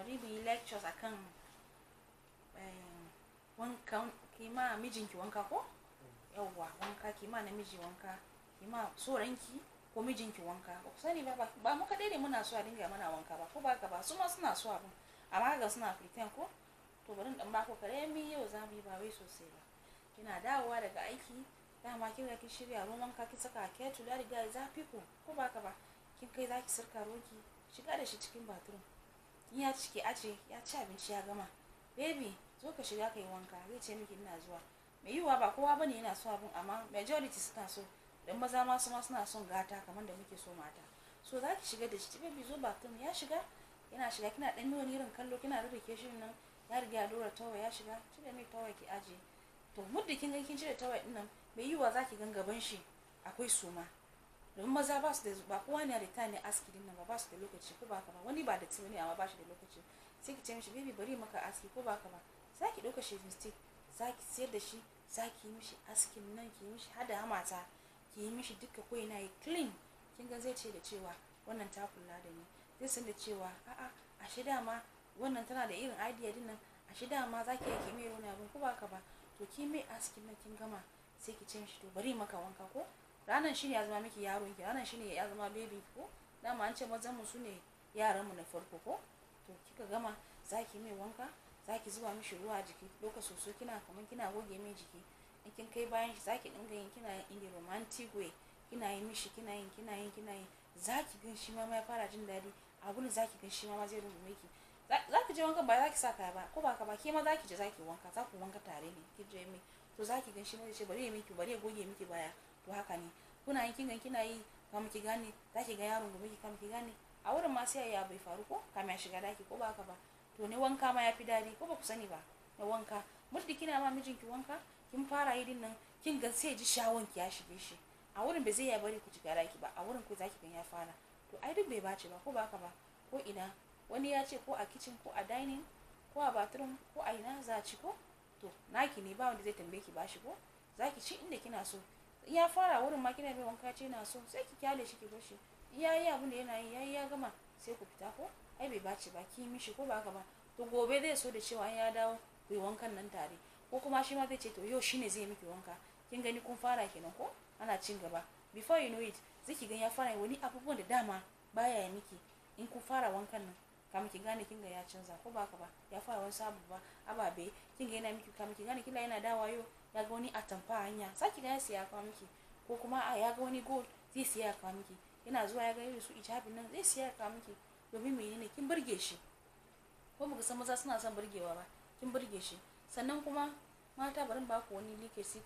bari mu yi lectures kan eh, wanka kima mijinki wanka ko yawwa wanka kima namiji wanka kima tsoronki, ko mijinki wanka ba ku sani ba ba mu kaɗai ne muna so a dinga mana wanka ba ko ba ka ba su ma suna so abin amma ga suna fitan ko to bari dan ba ku mi yau za mu yi ba wai sosai ba kina dawowa daga aiki dama kin ga kin shirya ruwan wanka kin saka ketu da riga zafi ko ko ba ka ba kin kai zaki sirka roki shiga da shi cikin bathroom ya cike ki ya ci abinci ya gama baby zo ka shiga kai wanka zai ce miki ina zuwa mai yiwuwa ba kowa bane yana so abin amma majority suna so dan maza ma su suna son gata kamar da muke so mata so za ki shiga da shi baby zo kuma ya shiga yana shiga kina dan yi wani irin kallo kina rurruke shi nan ya riga ya dora tawa ya shiga cire mai tawa ki aje to muddin kin ga kin cire tawa din nan mai yiwuwa za ki gan gaban shi akwai suma domin maza ba su da ba kowa ne a ta ne aski din nan ba su da lokaci ko ba ka ba wani ba da tuni amma ba shi da lokaci sai ki ce mishi bari maka aski ko ba ka ba za ki ɗauka shi mistik za ki sayar da shi za ki yi mishi askin nan ki yi mishi hada hamata ki yi mishi duka ko yana yi clean kin ga zai ce da cewa wannan ta kula da ni zai san da cewa a'a ashe dama wannan tana da irin idea din nan shi dama za ki yi mai wani abin ko ba ka ba to ki mai askin nan kin gama sai ki ce mishi to bari maka wanka ko ranan shine ya zama miki yaro ki shi shine ya zama baby ko dama an ce mazan mu sune yaran mu na farko ko to kika gama zaki mai wanka zaki zuba mishi ruwa a jiki doka soso kina kaman kina goge mai jiki in kin kai bayan shi zaki dinga yin kina yin indi romantic way kina yin mishi kina yin kina yin kina yin zaki gan shi ma ya fara jin daɗi abun zaki gan shi ma zai rungume ki zaki je wanka ba zaki sa kaya ba ko ba ka ba ke ma zaki je zaki wanka za ku wanka tare ne ki je mai to zaki gan shi ma zai ce bari ya miki bari ya goge miki baya to haka ne kuna yin kingan kina yi ka ki gane za ki ga yaron gobe ki kamu ki gane a wurin ma sai ya bai faru ko ka ya shiga daki ko ba ba to ne wanka ma ya fi daɗi ko ba ku sani ba na wanka muddin kina ma mijinki wanka kin fara yi dinnan kin ga sai ji shawon ki ya shige shi a wurin bai zai ya bari ku shiga daki ba a wurin ku zaki gan ya fara to ai duk bai bace ba ko ba ba ko ina wani ya ce ko a kitchen ko a dining ko a bathroom ko a ina za ci ko to naki ne ba wanda zai tambaye ki bashi ko zaki ci inda kina so ya fara wurin ma kina bai wanka ce na so sai ki kyale shi ki bashi ya yi abin da yana yi ya yi ya gama sai ku fita ko ai bai baci ba ki mishi ko ba ka ba to gobe zai so da cewa ya dawo bai wankan nan tare ko kuma shi ma zai ce to yau shine zai miki wanka kin gani kun fara kenan ko ana cin gaba before you know it zai ki gan ya fara wani abubuwan da dama baya ya miki in ku fara wankan nan kama ki gane kinga ya canza ko ba ba ya fara wani sabu ba ababe kinga yana miki kama ki gane kila yana dawa yau ya ga wani atamfa hanya saki gane siya kawo miki ko kuma a ya ga wani gold zai siya ya kawo miki yana zuwa ya ga irin su ijabin nan zai siya ya kawo miki domin ne kin burge shi ko muka san maza suna son burgewa ba kin burge shi sannan kuma mata barin ba ku wani like